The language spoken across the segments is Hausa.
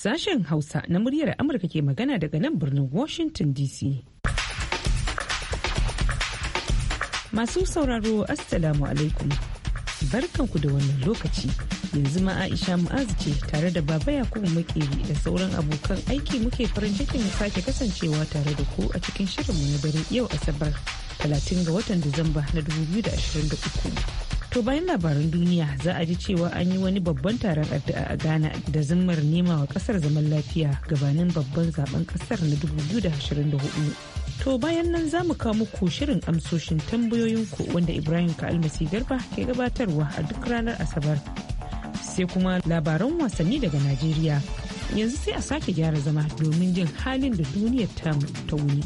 Sashen Hausa na muryar Amurka ke magana daga nan birnin Washington DC. Masu sauraro Assalamu alaikum. Barkanku da wannan lokaci. Yanzu ma Aisha Mu'azu ce tare da Baba Yakubu Makeri da sauran abokan aiki muke farin cikin sake kasancewa tare da ku a cikin shirinmu na dare yau Asabar 30 ga watan Disamba na 2023. To bayan labaran duniya za a ji cewa an yi wani babban taron addu'a a Ghana da zimmar nema wa kasar zaman lafiya gabanin babban zaben kasar na 2024. To bayan nan za mu kawo muku shirin amsoshin tambayoyinku wanda Ibrahim ka almasi Garba ke gabatarwa a duk ranar Asabar. Sai kuma labaran wasanni daga Najeriya. Yanzu sai a sake gyara zama domin jin halin da duniya ta wuni.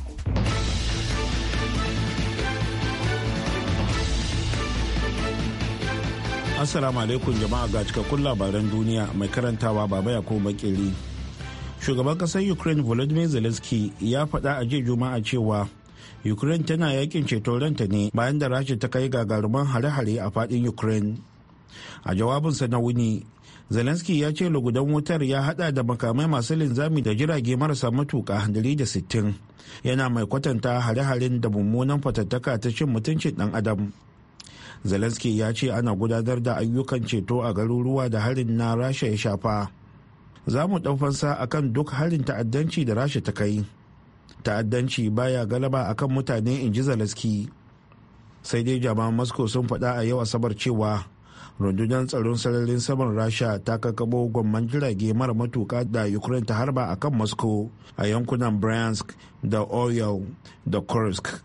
Assalamu alaikum jama'a ga cikakkun labaran duniya mai karantawa baba ya ko bakiri. Shugaban kasar Ukraine Volodymyr Zelensky ya faɗa a jiya Juma'a cewa Ukraine tana yakin ceto ranta ne bayan da Rasha ta kai gagaruman hare-hare a fadin Ukraine. A jawabinsa na wuni, Zelensky ya ce lugudan wutar ya hada da makamai masu linzami da jirage marasa matuka 160 yana mai kwatanta hare-haren da mummunan fatattaka ta cin mutuncin dan adam. zelensky ya ce ana gudanar da ayyukan ceto a garuruwa da harin na rasha ya shafa za mu fansa akan duk harin ta'addanci da rasha ta kai ta'addanci baya galaba akan mutane in ji zelensky sai dai jama'an moscow sun faɗa a yau asabar cewa rundunar tsaron sararin saman rasha ta kakabo gwamman jirage mara matuka da ukraine ta harba a kan moscow a yankunan bryansk da oyo da kursk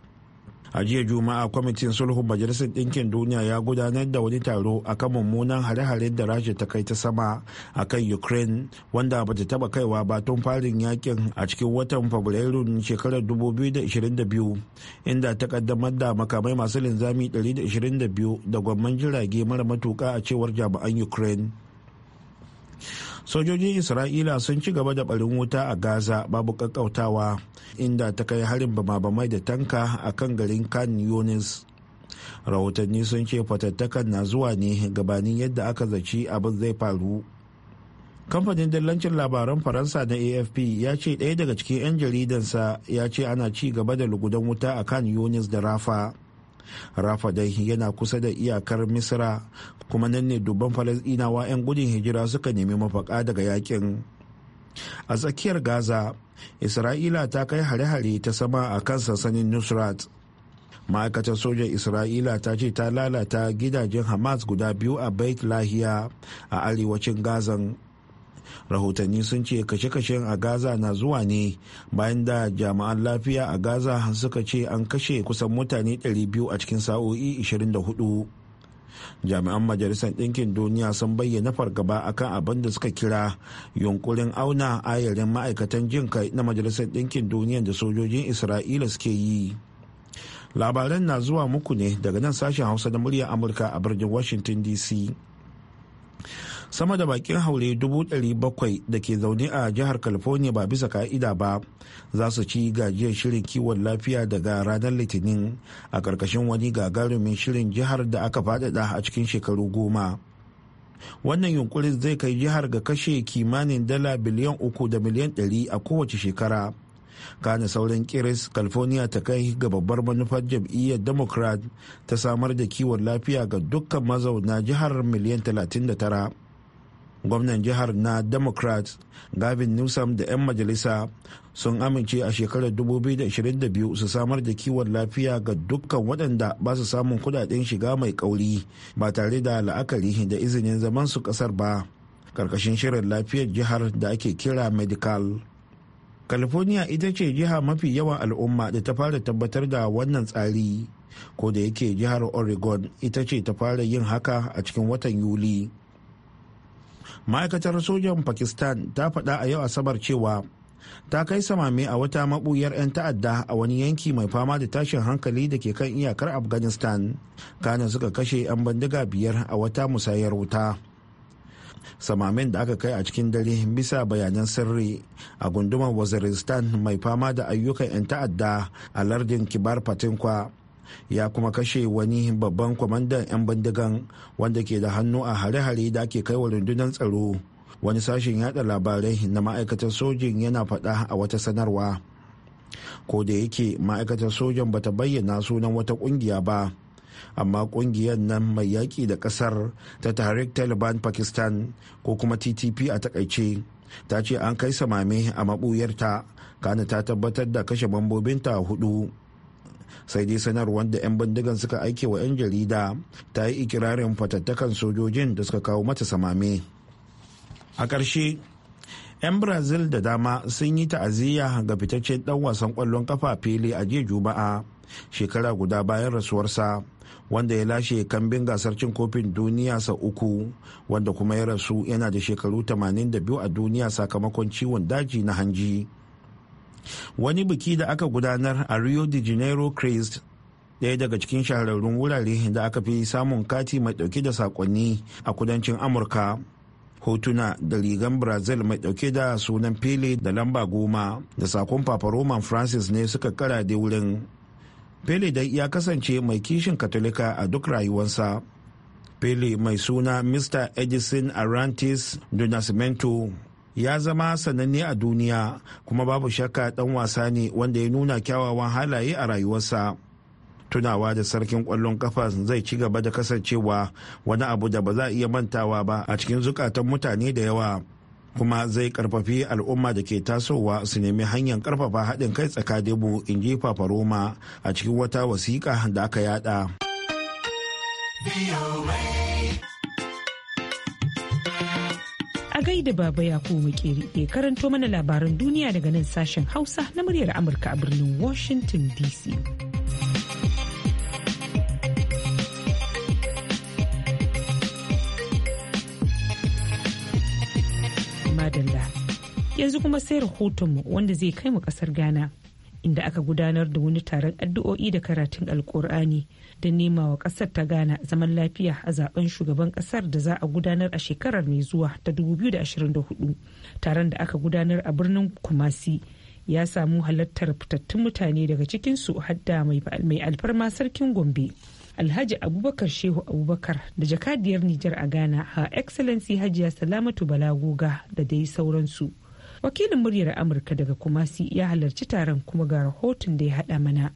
a jiya juma'a kwamitin sulhu majalisar ɗinkin duniya ya gudanar da wani taro akan mummunan hare-hare da rasha ta kai ta sama a kan ukraine wanda ba ta taba kaiwa ba tun farin yakin a cikin watan fabrairu shekarar 2022 inda ta kaddamar da makamai masu linzami 122 da gwamman jirage mara matuka a cewar jami'an ukraine sojojin isra'ila sun ci gaba da barin wuta a gaza babu kakkautawa inda ta kai harin bama-bamai da tanka a kan garin kan yunis rahotanni sun ce fatattakan na zuwa ne gabanin yadda aka zaci abin zai faru kamfanin dillancin labaran faransa na afp ya ce ɗaya daga cikin 'yan jaridansa ya ce ana ci gaba da lugudan wuta a kan yunis da rafa rafa yana kusa da iyakar Misira kuma nan ne dubban falasɗinawa 'yan gudun hijira suka nemi mafaka daga yakin a tsakiyar gaza isra'ila ta kai hare-hare ta sama a kan sansanin nusrat ma'aikatar sojan isra'ila ta ce ta lalata gidajen hamas guda biyu a bait lahiya a arewacin gazan rahotanni sun ce kashe-kashen a gaza na zuwa ne bayan da jami'an lafiya a gaza suka ce an kashe kusan mutane 200 a cikin sa'o'i 24 jami'an majalisar ɗinkin duniya sun bayyana fargaba akan abin da suka kira yunkurin auna ayarin ma'aikatan jin kai na majalisar ɗinkin duniya da sojojin isra'ila suke yi labaran na zuwa muku ne daga nan sashen hausa da muryar amurka a birnin washington dc sama da bakin haure 700,000 da ke zaune a jihar california ba bisa ka'ida ba za su ci gajiyar shirin kiwon lafiya daga ranar litinin a karkashin wani gagarumin shirin jihar da aka fadada a cikin shekaru goma wannan yunkurin zai kai jihar ga kashe kimanin dala biliyan uku da miliyan ɗari a kowace shekara kana sauran kiris california ta kai ga babbar manufar jam'iyyar democrat ta samar da kiwon lafiya ga dukkan mazauna jihar miliyan talatin da tara. gwamnan jihar na democrats gavin newsom da 'yan majalisa sun amince a shekarar 2022 su samar da kiwon lafiya ga dukkan waɗanda ba su samun kudaden shiga mai kauri ba tare da la'akari da izinin zaman su ƙasar ba karkashin shirin lafiyar jihar da ake kira medical california ita ce jiha mafi yawan al'umma da ta fara tabbatar da wannan tsari ko da yake jihar oregon ita ce ta fara yin haka a cikin watan yuli ma'aikatar sojan pakistan ta faɗa a yau asabar cewa ta kai samame a wata mabuyar 'yan ta'adda a wani yanki mai fama da tashin hankali da ke kan iyakar afghanistan kana suka kashe 'yan bandiga biyar a wata musayar wuta samamen da aka kai a cikin dare bisa bayanan sirri a gundumar waziristan mai fama da ayyukan 'yan ta'adda a lardin kibar patinkwa ya kuma kashe wani babban kwamandan 'yan bindigan wanda ke da hannu a hare-hare da ake wa rundunar tsaro wani sashen yada labarai na ma'aikatar sojin yana faɗa a wata sanarwa ko da yake ma'aikatar sojan bata bayyana sunan wata kungiya ba amma kungiyar nan mai yaƙi da ƙasar ta tarik taliban pakistan ko kuma ttp a takaice ta ce an kai samame a mabuyarta kana ta tabbatar da kashe bambobinta hudu sai dai sanarwar da 'yan bindigan suka aike wa 'yan jarida ta yi ikirarin fatattakan sojojin da suka kawo mata samame a ƙarshe 'yan brazil da dama sun yi ta'aziyya ga fitaccen dan wasan kwallon kafa fili a jiya juma'a shekara guda bayan rasuwarsa wanda ya lashe kambin gasar cin kofin duniya sau uku wanda kuma ya rasu yana da shekaru 82 a duniya sakamakon ciwon daji na hanji wani biki da aka gudanar a rio de janeiro christ daya daga cikin shahararrun wurare da aka fi samun kati mai dauke da sakonni a kudancin amurka hotuna da rigan brazil mai dauke da sunan pele da lamba goma da sakon papa roman francis ne suka kara da wurin pele dai ya kasance mai kishin katolika a duk rayuwarsa pele mai suna mr edison arantes do nascimento ya zama sananne a duniya kuma babu shakka dan wasa ne wanda ya nuna kyawawan halaye a rayuwarsa tunawa da sarkin kwallon kafa zai ci gaba da kasancewa wani abu da ba za a iya mantawa ba a cikin zukatan mutane da yawa kuma zai karfafi al'umma da ke tasowa su nemi hanyar karfafa haɗin kai tsakaninmu in ji fafaroma a cikin wata wasiƙa da aka yada. da baba ya koma makeri ke karanto mana labaran duniya daga nan sashen hausa na muryar amurka a birnin washington dc madalla yanzu kuma sai rahotonmu wanda zai kai mu kasar ghana inda aka gudanar da wani taron addu'o'i da karatun alkur'ani da nema wa kasar ta ghana zaman lafiya a zaben shugaban kasar da za a gudanar a shekarar mai zuwa ta 2024 taron da aka gudanar a birnin kumasi ya samu halartar fitattun mutane daga cikinsu hadda mai alfarma sarkin gombe alhaji abubakar shehu abubakar da jakadiyar nijar a ghana ha excellency hajiya salamatu balagoga da dai sauransu wakilin muryar amurka daga kumasi ya halarci taron kuma ga rahoton da ya hada mana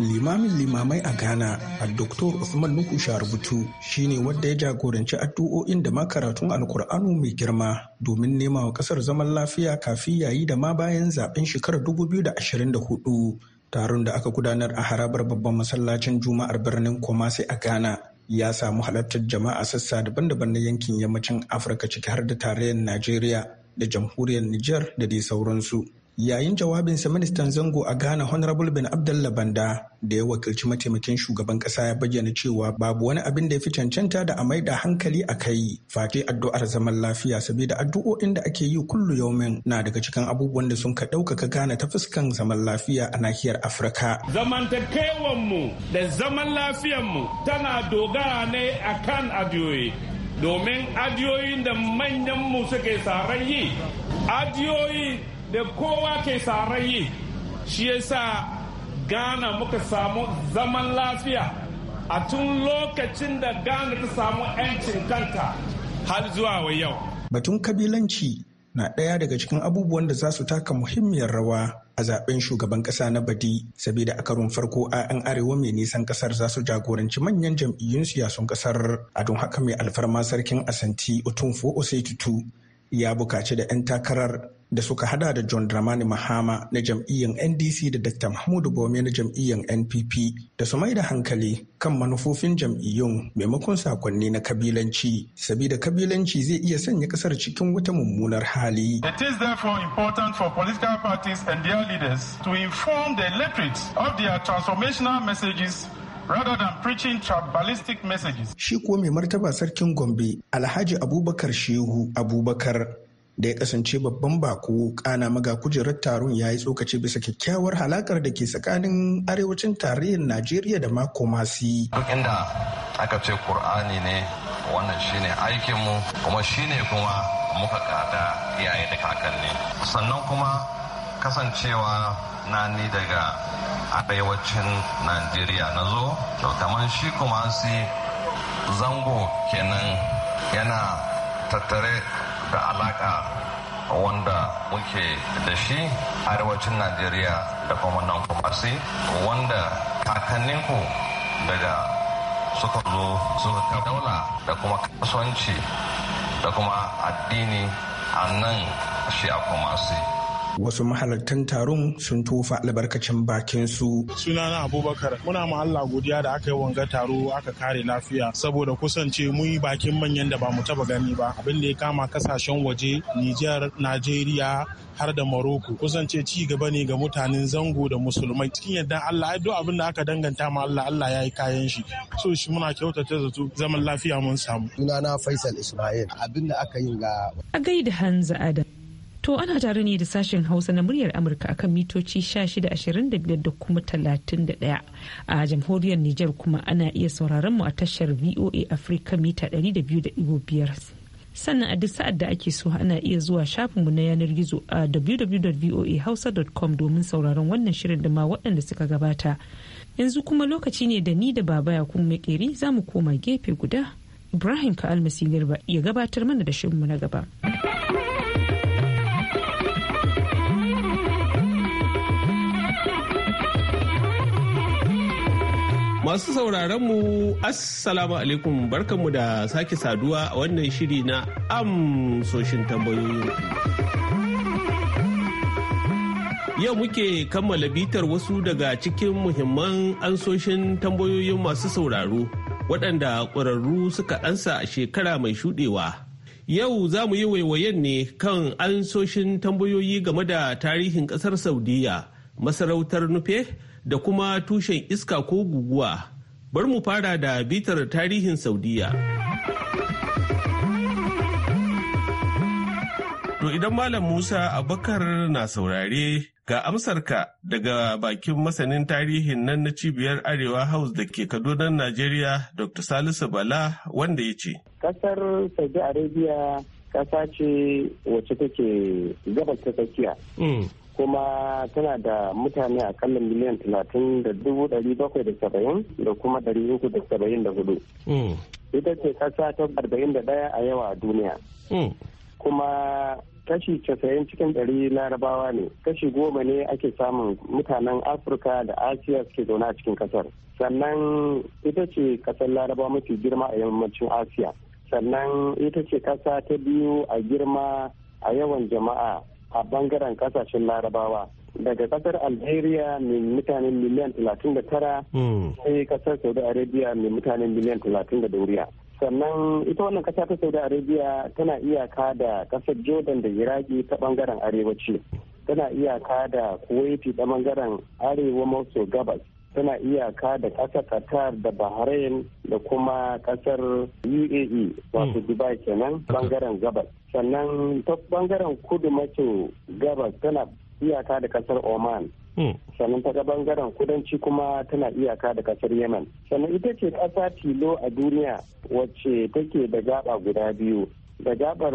limamin limamai a ghana a dr usman nuhu sharbutu shine wadda ya jagoranci addu'o'in da ma karatun alkur'anu mai girma domin nema wa kasar zaman lafiya kafi yayi da ma bayan zaben shekarar 2024 taron da aka gudanar a harabar babban masallacin juma'ar birnin kumasi a ghana ya samu halartar jama'a sassa daban-daban na yankin yammacin afirka ciki har da tarayyar najeriya da jamhuriyar niger da dai sauransu Yayin jawabinsa ministan zango a Ghana Honorable bin Abdullah Banda da ya wakilci mataimakin shugaban kasa ya bayyana cewa babu wani abin da ya fi cancanta da a maida hankali a kai face addu'ar zaman lafiya saboda addu'o'in da ake yi kullu yaumin na daga cikin abubuwan da sun ka ɗaukaka Ghana ta fuskan zaman lafiya a nahiyar Afirka. Zamantakewanmu da zaman lafiyanmu tana dogara ne a kan adiyoyi, domin adiyoyin da manyanmu suke tsaron yi adiyoyi da kowa ke saran yi shi yasa ghana muka samu zaman lafiya a tun lokacin da ghana ta samu 'yancin kanta har zuwa wa yau batun kabilanci na ɗaya daga cikin abubuwan da za su taka muhimmiyar rawa a zaben shugaban ƙasa na badi saboda a karon farko a yan arewa mai nisan ƙasar za su jagoranci manyan jam'iyyun siyasun ƙasar a don haka mai alfarma sarkin asanti otunfo Osei-Tutu, ya bukaci da 'yan takarar da suka hada da John Dramani Mahama na jam'iyyar NDC da Dr. Mahmudu Bome na jam'iyyar NPP da su mai da hankali kan manufofin jam'iyyun maimakon sakonni na kabilanci, sabida kabilanci zai iya sanya kasar cikin wata mummunar hali. It is therefore important for political parties and their leaders to inform the electorate of their transformational messages rather than preaching tribalistic messages. Shi kuwa mai martaba sarkin Gombe, Alhaji Abubakar Shehu Abubakar da ya kasance babban bako kana maga kujerar taron ya yi tsokaci bisa kyakkyawar halakar da ke tsakanin arewacin tarayyar najeriya da mako masi duk inda aka ce kur'ani ne wannan shine aikinmu kuma shine kuma muka kada iyaye da kakanni sannan kuma kasancewa na ni daga arewacin najeriya na zo to kamar shi kuma si zango kenan yana tattare Wata alaka wanda muke da shi arewacin najeriya da kuma nan kumasi wanda kakanninku daga suka zo suka kadaula da kuma kasuwanci da kuma addini a nan shi a kumasi wasu mahalartan taron sun tofa albarkacin bakin su sunana abubakar muna ma Allah godiya da aka yi wanga taro aka kare lafiya saboda kusance mun yi bakin manyan da ba mu taba gani ba abin da ya kama kasashen waje Nijar, nigeria har da Maroko kusance ci gaba ne ga mutanen zango da musulmai cikin yadda Allah ai duk abin da aka danganta ma Allah Allah ya yi kayan shi so shi muna kyautata zato zaman lafiya mun samu sunana Faisal Ismail abin da aka yi ga a gaida Hanza Adam To ana tare ne da sashen Hausa na muryar Amurka akan mitoci 1625 da kuma 31. A jamhuriyar Nijar kuma ana iya sauraron mu a tashar VOA Africa mita 200.5. Sannan a duk sa'ad da ake so ana iya zuwa shafinmu na yanar gizo a www.voahausa.com domin sauraron wannan shirin da ma waɗanda suka gabata. Yanzu kuma lokaci ne da ni da baba ya kuma makeri za mu koma gefe guda. Ibrahim Ka'al Garba ya gabatar mana da shirinmu na gaba. Masu sauraron mu Assalamu alaikum barkanmu da sake saduwa a wannan shiri na amsoshin tambayoyi Yau muke kammala bitar wasu daga cikin muhimman ansoshin tambayoyin masu sauraro waɗanda ƙwararru suka ansa a shekara mai shuɗewa. Yau za mu yi waiwayen ne kan ansoshin tambayoyi game da tarihin ƙasar Saudiya, masarautar Nufe, da kuma tushen iska ko guguwa bar mu fara da bitar tarihin saudiya to idan malam musa abakar na saurare ga amsarka daga bakin masanin tarihin nan na cibiyar arewa house da ke kaduna najeriya dr salisu bala wanda ya ce kasar saudi arabia kasa ce wacce take gabas ta tsakiya hmm. kuma tana da mutane a kalla miliyan talatin da dubu dari bakwai da saba'in da kuma dari uku da saba'in da hudu. Hmm. Ita ce kasa ta arba'in da ɗaya a yawa a duniya. Hmm. Kuma kashi casa'in cikin ɗari larabawa ne kashi goma ne ake samun mutanen afirka da asiya suke zaune a cikin kasar sannan ita ce kasar larabawa mafi girma a yammacin asiya sannan ita ce kasa ta biyu a girma a yawan jama'a a bangaren kasashen larabawa daga kasar algeria mai mutane miliyan 39 hmm. sai kasar saudi arabia mai mutane miliyan 30 da sannan ita wannan kasa ta saudi arabia tana iyaka da kasar jordan da iraki ta bangaren arewaci tana iyaka da kuwaiti ta bangaren arewa maso gabas tana iyaka da ƙasar qatar da bahrain da kuma ƙasar uae wato hmm. dubai kenan bangaren gabas sannan ta bangaren kudu maso gabas tana iyaka da ƙasar oman hmm. sannan ta bangaren kudanci kuma tana iyaka da kasar yemen sannan ita ce ƙasa tilo a duniya wacce take da gaba guda biyu da gabar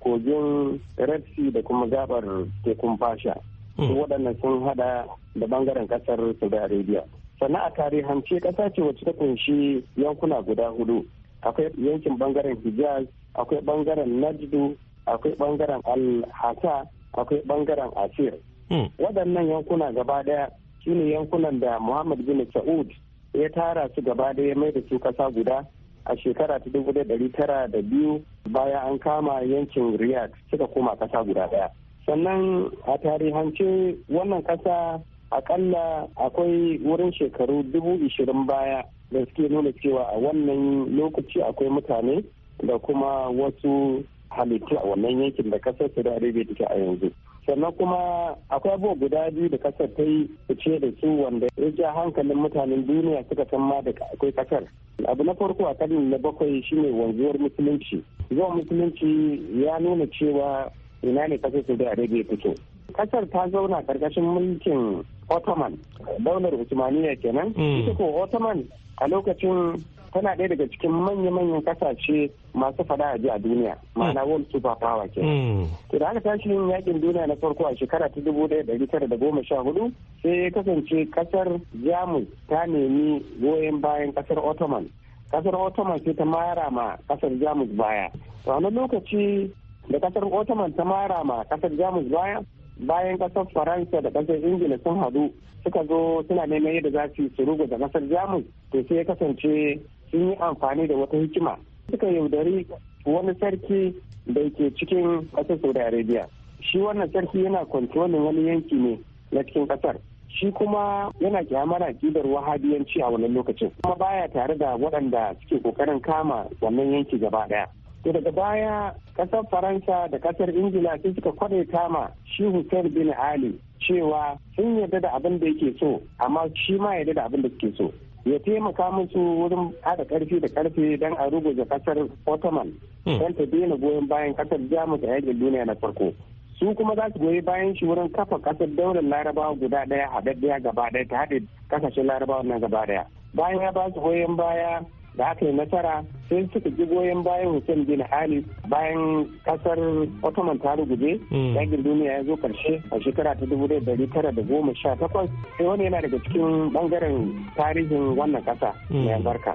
kogin red sea da kuma gabar tekun fasha Mm. waɗannan sun hada da bangaren kasar saudi arabia sannan a tarihance ƙasa ce wacce ta kunshi yankuna guda hudu akwai yankin bangaren hijaz akwai bangaren najdu akwai bangaren alhasa akwai bangaren asir mm. waɗannan yankuna gaba ɗaya su ne yankunan da muhammad bin sa'ud ya tara su gaba ɗaya mai da su ƙasa guda a shekara ta dubu da dari tara da biyu bayan an kama yankin riyad suka koma ƙasa guda ɗaya sannan a tarihance wannan ƙasa akalla akwai wurin shekaru dubu ishirin baya da suke nuna cewa a wannan lokaci akwai mutane da kuma wasu halittu a wannan yankin da kasar su da take a yanzu sannan kuma akwai abubuwa guda biyu da kasar ta yi fice da su wanda ya ja hankalin mutanen duniya suka san ma da akwai kasar abu na farko a karni na bakwai shine wanzuwar musulunci zuwa musulunci ya nuna cewa ina ne kasar da rage fito kasar ta zauna karkashin mulkin ottoman daular usmaniya kenan hmm. ita ko ottoman a lokacin tana ɗaya daga cikin manya-manyan kasashe masu fada a a duniya ma'ana hmm. world super power ke hmm. to da aka tashi yin yakin duniya na farko a shekara ta dubu ɗaya ɗari tara da goma sha hudu sai ya kasance kasar jamus ta nemi goyon bayan kasar ottoman kasar ottoman sai ta mara ma kasar jamus baya to a lokaci da kasar ottoman ta mara ma kasar jamus baya bayan kasar faransa da kasar ingila sun hadu suka zo suna neman yadda za su su ƙasar da kasar jamus to sai ya kasance sun yi amfani da wata hikima suka yaudari wani sarki da ke cikin kasar saudi arabia shi wannan sarki yana kontrolin wani yanki ne na cikin kasar shi kuma yana kyamar gidar wahadiyanci a wannan lokacin kuma baya tare da waɗanda suke kokarin kama wannan yanki gaba ɗaya to daga baya kasar faransa da kasar ingila sun suka kwadaita ma shi hussein bin ali cewa sun yarda da abin da yake so amma shi ma yarda da abin da suke so ya taimaka musu wurin haɗa ƙarfi da ƙarfe don a rubuta kasar ottoman hmm. don ta daina goyon bayan kasar jamus a yakin duniya na farko su kuma za su goyi bayan shi wurin kafa kasar daular larabawa guda ɗaya haɗaɗɗiya gaba ɗaya ta haɗe kasashen larabawa na gaba ɗaya bayan ya ba su goyon baya da aka yi nasara sai suka ji goyon bayan hussein bin ali bayan kasar ottoman ta ruguje yakin hmm. duniya ya zo karshe a shekara ta dubu dari tara da goma sha takwas sai wani yana daga cikin bangaren tarihin wannan kasa hmm. mai albarka.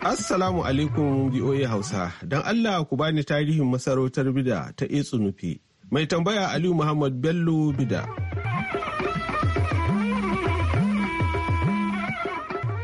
Assalamu alaikum BOA Hausa, don Allah ku bani tarihin masarautar bida ta Etsunufe. Mai tambaya Aliyu Muhammad Bello Bida.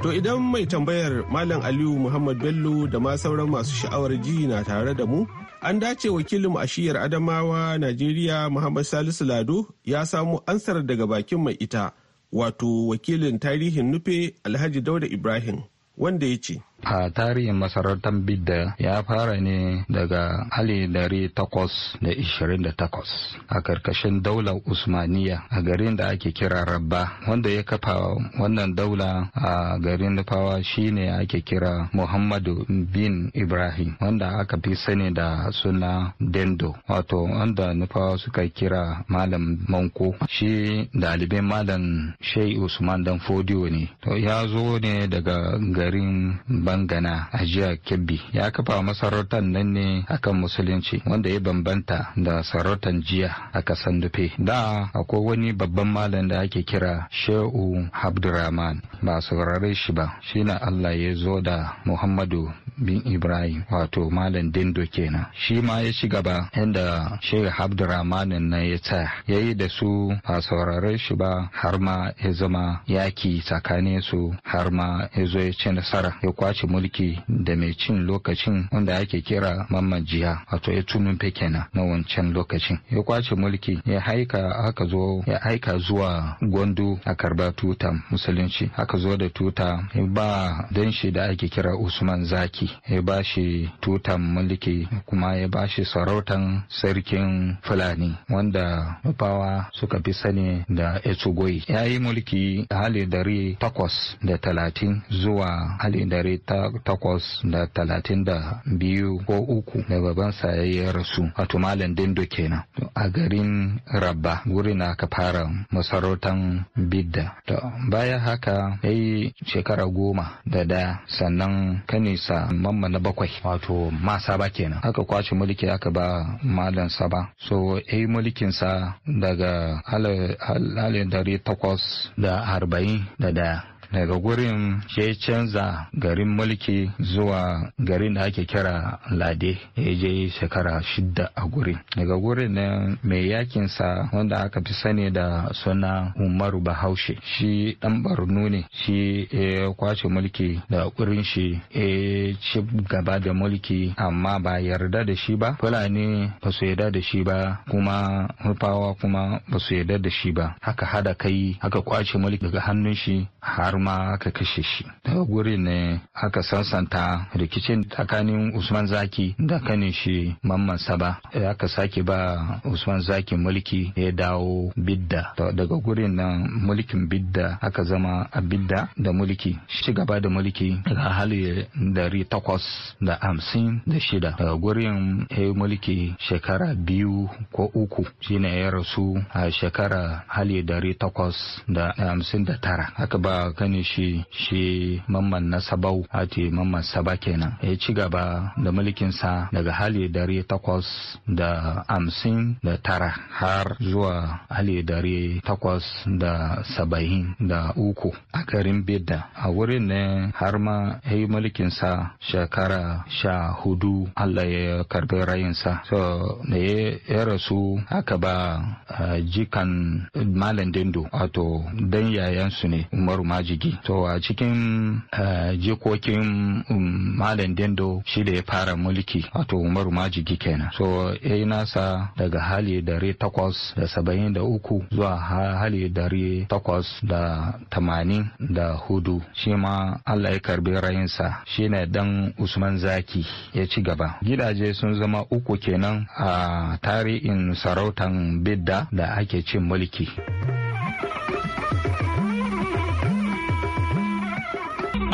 To idan mai tambayar Malam Aliyu Muhammad Bello da ma sauran masu sha'awar ji na tare da mu, an dace wakilin ashiyar Adamawa Najeriya Muhammad Salisu Lado ya samu ansar daga bakin mai ita, wato wakilin tarihin nufe Alhaji Dauda Ibrahim, wanda ya ce. a tarihin masarautar bidda ya fara ne daga ali dari takwas da ishirin da takwas a karkashin daular usmaniya a garin da ake kira rabba wanda ya kafa wannan daula a garin nufawa shine ake kira muhammadu bin ibrahim wanda aka fi sani da suna dendo wato wanda nufawa suka kira malam manko shi ɗaliban malam shai usman dan fodiyo ne to ya zo ne daga garin bangana a jiya kebbi ya kafa masarautar nan ne akan musulunci wanda ya bambanta da sarautar jiya a kasan dufe da akwai wani babban malam da ake kira shehu abdurrahman ba saurare shi ba shine allah ya zo da muhammadu bin ibrahim wato malam dindo kenan shi ma ya ci gaba inda shehu abdurrahman na ya tsaya ya yi da su ba saurare shi ba har ma ya zama yaki tsakanin su har ma ya zo ya ci nasara ya kwashe. kwaci mulki da mai cin lokacin wanda ake kira mamman jiya wato ya tunun kenan na wancan lokacin ya kwace mulki ya haika aka zo ya aika zuwa gwandu a karba tuta musulunci aka zo da tuta ya ba dan shi da ake kira usman zaki ya ba shi tutan mulki kuma ya ba shi sarautan sarkin fulani wanda bawa suka fi sani da etugoi ya yi mulki hali dari takwas da talatin zuwa hali dari. ta takwas da talatin da biyu ko uku da babban sayayyar rasu wato malam dindo kenan a garin rabba na ka fara masarautan bidda to bayan haka ya yi shekara goma da da sannan kanisa mamma na bakwai wato masaba kenan aka kwace mulki aka ba malam saba so ya yi mulkinsa daga alif dari takwas da arba'in da daya daga gurin ya canza garin mulki zuwa garin da ake kira lade ya je shekara shidda a gurin daga gurin na mai sa wanda aka fi sani da suna umaru bahaushe shi dan barno ne shi ya kwace mulki da gurin shi ya ci gaba da mulki amma ba yarda da shi ba fulani ba su yarda da shi ba kuma rufawa kuma ba su yarda da shi ba haka hada kai haka kwace mulki daga hannun shi har har ma aka kashe shi daga guri ne aka sansanta rikicin tsakanin usman zaki da kanin shi mamman saba e, aka sake ba usman zaki mulki ya dawo bidda daga gurin nan mulkin bidda aka zama a bidda da mulki shi gaba da mulki ga hali dari takwas da hamsin da shida daga gurin ya yi mulki shekara biyu ko uku shine ya rasu a shekara hali dari takwas da hamsin da tara aka ba sani shi shi mamman na sabau ati mamman saba kenan ya ci gaba da mulkinsa daga hali dare takwas da hamsin da tara har zuwa hali dare takwas da saba'in da uku a garin bidda a wurin ne har ma ya yi mulkinsa shekara sha hudu allah ya karbi rayinsa so da ya rasu aka ba eh, jikan malam dindo wato dan yayansu ne umaru maji ciki to a cikin eh, jikokin um, malam dendo shi da ya fara mulki wato umaru majigi kenan so ya yi nasa daga hali dari takwas da saba'in da uku zuwa hali dari takwas da tamanin da hudu shi ma allah ya karbi rayinsa shi ne dan usman zaki ya ci gaba gidaje sun zama uku kenan a tarihin sarautan bidda da ake cin mulki.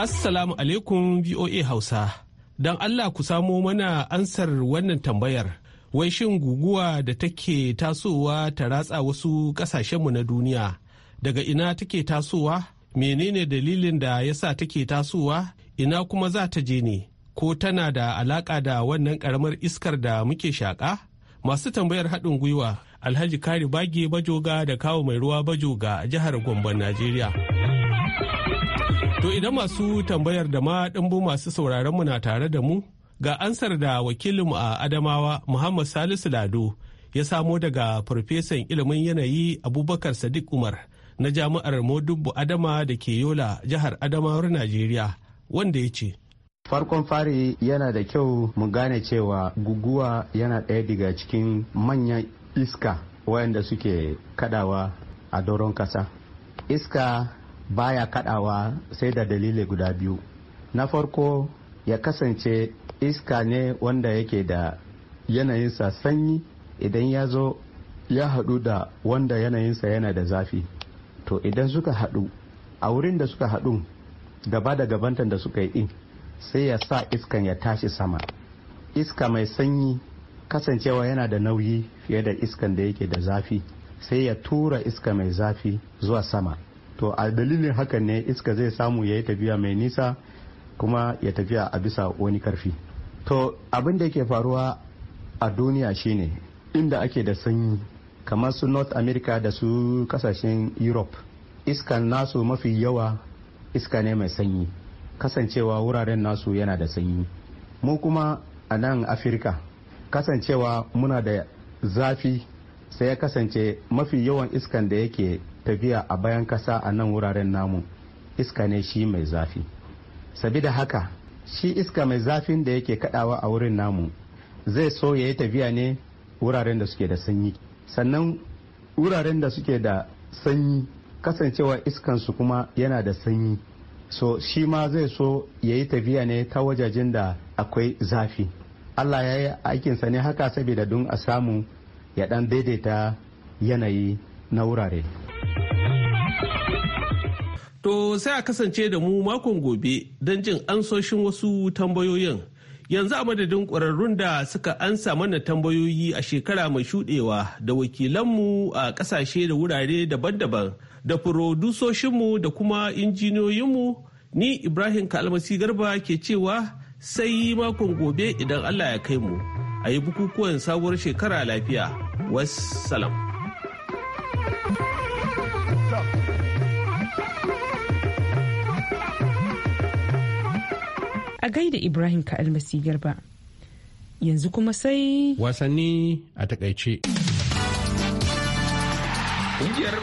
Assalamu alaikum VOA Hausa. Don Allah ku samo mana ansar wannan tambayar. Wai shin guguwa da take tasowa ta ratsa wasu ƙasashenmu na duniya daga ina take tasowa? Menene dalilin da ya sa take tasowa? Ina kuma za ta je ne? Ko tana da alaƙa da wannan ƙaramar iskar da muke shaƙa? Masu tambayar haɗin gwiwa Alhaji Kari Bage Bajoga da kawo mai ruwa Bajoga a jihar Gombe, Najeriya. To idan masu tambayar da ma ɗanbu masu sauraron mu na tare da mu ga ansar da wakilinmu a Adamawa Muhammad Salisu Lado ya samo daga farfesan ilimin yanayi Abubakar Sadiq Umar na jami'ar Modubbu Adama da ke Yola jihar Adamawar Najeriya wanda ya ce. farkon fari yana da kyau mu gane cewa guguwa yana ɗaya daga cikin manyan iska wayanda suke kadawa a doron kasa iska baya kadawa sai da dalilai guda biyu na farko ya kasance iska ne wanda yake da yanayinsa sanyi idan ya zo ya haɗu da wanda yanayinsa yana da zafi to idan suka haɗu a wurin da suka haɗu gaba da gabantan da suka yi sai ya sa iskan ya tashi sama iska mai sanyi kasancewa yana da nauyi fiye da iskan da yake da zafi sai ya tura iska mai zafi zuwa sama to a dalilin haka ne iska zai samu ya yi tafiya mai nisa kuma ya tafiya a bisa wani karfi to abin da yake faruwa a duniya shine inda ake da sanyi kamar su north america da su kasashen europe iskan nasu mafi yawa iska ne mai sanyi kasancewa wuraren nasu yana da sanyi mu kuma a nan afirka kasancewa muna da zafi sai ya kasance mafi yawan iskan da yake tafiya a bayan kasa a nan wuraren namu iska ne shi mai zafi sabida haka shi iska mai zafin da yake kadawa a wurin namu zai so ya yi tafiya ne wuraren da suke da sanyi sannan wuraren da suke da sanyi kasancewa iskansu kuma yana da sanyi so shi ma zai so ya yi tafiya ne ta wajajen da akwai zafi allah ya yi aikinsa ne haka sabida don a samu ya dan daidaita yanayi na wurare To sai a kasance da mu makon gobe don jin ansoshin wasu tambayoyin. Yanzu a madadin ƙwararrun da suka ansa mana tambayoyi a shekara mai shuɗewa da wakilanmu a ƙasashe da wurare daban-daban da furodusoshinmu da kuma injiniyoyinmu ni Ibrahim Kalmasi Garba ke cewa sai yi makon gobe idan Allah ya kai mu. A yi bukukuwan sabuwar shekara lafiya. Wassalam. a gaida Ibrahim ka almasi Garba. Yanzu kuma sai wasanni a takaice.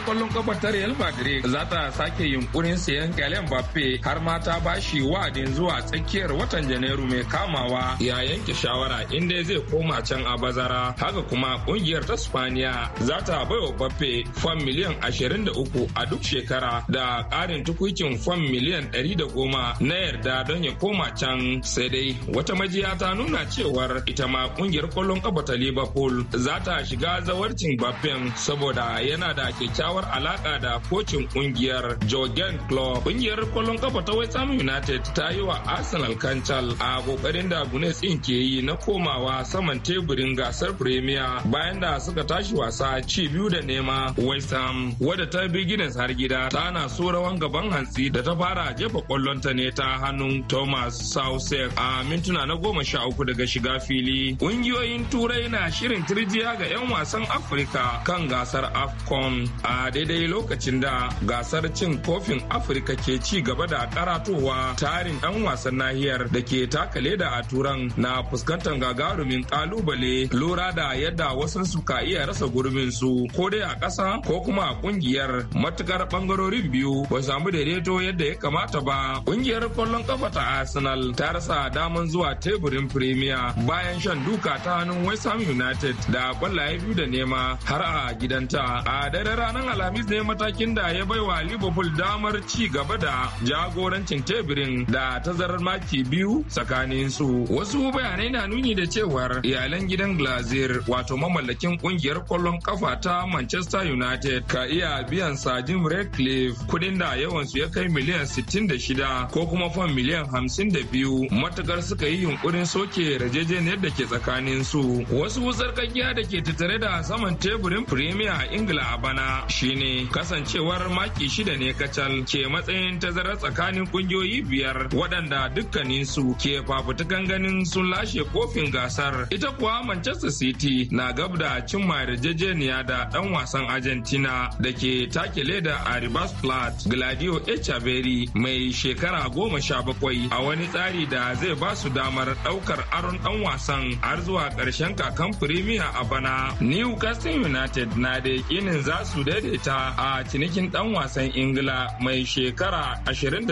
Ƙungiyar kwallon kafa ta Real Madrid za ta sake yunkurin sayan Kylian Mbappe har ma ta bashi wa'adin zuwa tsakiyar watan Janairu mai kamawa ya yanke shawara inda zai koma can a bazara. Haka kuma ƙungiyar ta Spaniya za ta baiwa Mbappe fam miliyan 23 a duk shekara da ƙarin tukukin fam miliyan 110 na yarda don ya koma can sai dai wata majiya ta nuna cewar ita ma ƙungiyar kwallon kafa ta Liverpool za ta shiga zawarcin Mbappe saboda yana da kyakkyawar kyakkyawar alaka da kocin kungiyar Jorgen Klopp. Kungiyar kwallon kafa ta West Ham United ta yi wa Arsenal kancal a kokarin da Gunes din ke yi na komawa saman teburin gasar Premier bayan da suka tashi wasa ci biyu da nema West Ham wadda ta bi Guinness har gida ta na so rawan gaban hantsi da ta fara jefa kwallon ta ne ta hannun Thomas Southgate a mintuna na goma sha uku daga shiga fili. Kungiyoyin Turai na shirin turjiya ga 'yan wasan Afirka kan gasar AFCON a a daidai lokacin da gasar cin kofin afirka ke ci gaba da karatowa tarin 'yan wasan nahiyar da ke takale da a turan na fuskantar gagarumin kalubale lura da yadda wasu suka iya rasa gurbin su ko dai a ƙasa ko kuma a kungiyar matukar bangarorin biyu ba samu daidaito yadda ya kamata ba Ƙungiyar kwallon kafa ta arsenal ta rasa daman zuwa teburin premier bayan shan duka ta hannun west ham united da kwallaye biyu da nema har a gidanta a daidai ranar alhamis ne matakin da ya baiwa liverpool damar ci gaba da jagorancin teburin da tazarar maki biyu tsakanin su wasu bayanai na nuni da cewar iyalan gidan glazier wato mamallakin kungiyar kwallon kafa ta manchester united ka iya biyan sa jim redcliffe kudin da yawansu ya kai miliyan 66 ko kuma fam miliyan 52 matukar suka yi yunkurin soke yarjejeniyar da ke tsakanin su wasu da da ke tattare da saman teburin premier ingila a bana shine kasancewar maki shida ne kacal ke matsayin tazarar tsakanin kungiyoyi biyar waɗanda dukkaninsu ke fafutukan ganin sun lashe kofin gasar ita kuwa manchester city na gab da cimma yarjejeniya da ɗan wasan argentina da ke take leda a ribas plat gladio echaveri mai shekara goma sha bakwai a wani tsari da zai ba su damar ɗaukar aron ɗan wasan har zuwa ƙarshen kakan firimiya a bana newcastle united na da ƙinin za su daidai Ita a cinikin dan wasan ingila mai shekara 28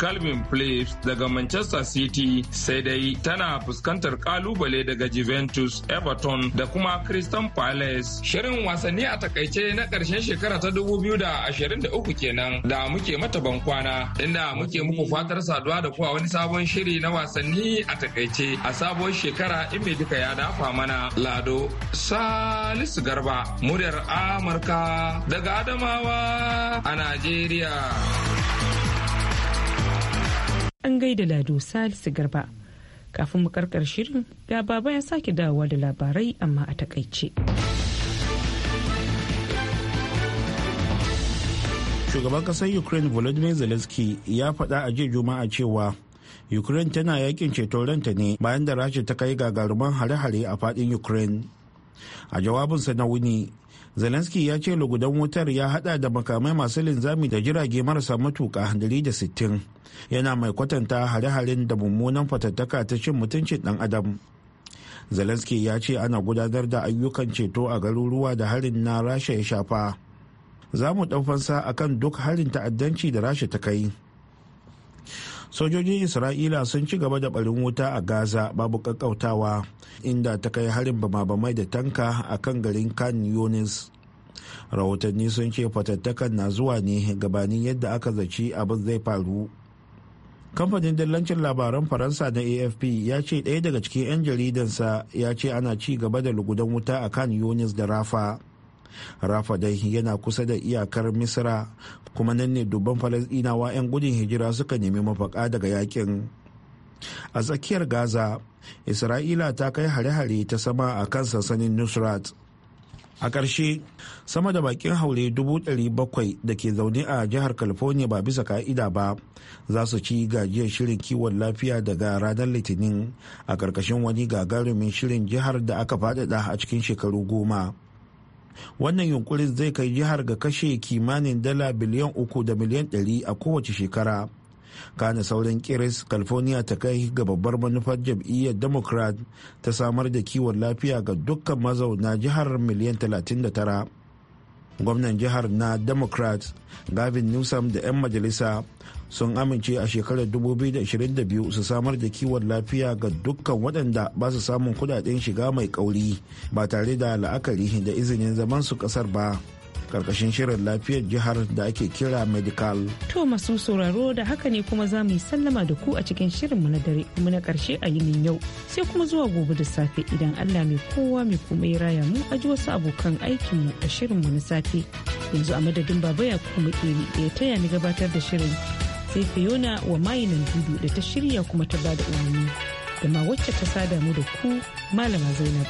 calvin phillips daga manchester city sai dai tana fuskantar kalubale daga juventus everton da kuma crystal palace shirin wasanni a takaice na karshen shekara ta 2023 kenan da muke mata bankwana inda muke muku fatar saduwa da kuwa wani sabon shiri na wasanni a takaice a sabon shekara in duka ya dafa mana lado salisu garba muryar amurka daga Adamawa a Najeriya. An gaida Lado Salisu Garba. Kafin mu karkar shirin, ga baba ya sake dawowa da labarai amma a takaice. Shugaban kasar Ukraine Volodymyr Zelensky ya faɗa a jiya Juma'a cewa Ukraine tana yakin ceton ranta ne bayan da Rasha ta kai gagaruman hare-hare a faɗin Ukraine. A jawabinsa na wuni, zelensky ya ce lugudan wutar ya hada da makamai masu linzami da jirage marasa matuka 160 yana mai kwatanta hare-haren da mummunan fatattaka ta cin mutuncin dan adam zelensky ya ce ana gudanar da ayyukan ceto a garuruwa da harin na rasha ya shafa za mu dan fansa akan duk harin ta'addanci da rasha ta kai sojojin isra'ila sun ci gaba da barin wuta a gaza babu kakkautawa inda ta kai harin bama-bamai da tanka a kan garin kan yunis rahotanni sun ce fatattakan na zuwa ne gabanin yadda aka zaci abin zai faru kamfanin dillancin labaran faransa na afp ya ce ɗaya daga cikin 'yan jaridansa ya ce ana ci gaba da lugudan wuta a kan yunis da rafa rafa dai yana kusa da iyakar misira kuma nan ne dubban falasdinawa 'yan gudun hijira suka nemi mafaka daga yakin a tsakiyar gaza isra'ila ta kai hare-hare ta sama a kan sansanin nusrat a ƙarshe sama da bakin haure 700,000 da ke zaune a jihar california ba bisa ka'ida ba za su ci gajiyar shirin kiwon lafiya daga ranar litinin a ƙarƙashin wani gagarumin shirin jihar da aka faɗaɗa a cikin shekaru goma. wannan yunkurin zai kai jihar ga kashe kimanin dala biliyan uku da miliyan ɗari a kowace shekara kana sauran kiris california ta kai ga babbar manufar jam'iyyar democrat ta samar da kiwon lafiya ga dukkan mazauna jihar miliyan talatin da tara. gwamnan jihar na democrat gavin newsom da 'yan majalisa sun amince a shekarar 2022 su samar da kiwon lafiya ga dukkan waɗanda ba su samun kudaden shiga mai kauri ba tare da la'akari da izinin zaman su ƙasar ba. karkashin shirin lafiyar jihar da ake kira medical. To masu sauraro da haka ne kuma za mu yi sallama da ku a cikin shirin mu na dare mu na karshe a yinin yau sai kuma zuwa gobe da safe idan Allah mai kowa mai kuma ya raya mu aji wasu abokan aikin mu a shirin mu na safe yanzu a madadin baba ya kuma iri ya taya ni gabatar da shirin sai Fiona wa mayinan dudu da ta shirya kuma ta bada umarni da ma wacce ta sada mu da ku malama Zainab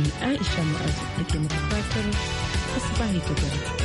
ni Aisha Mu'azu nake muku fatar. participar y cooperar.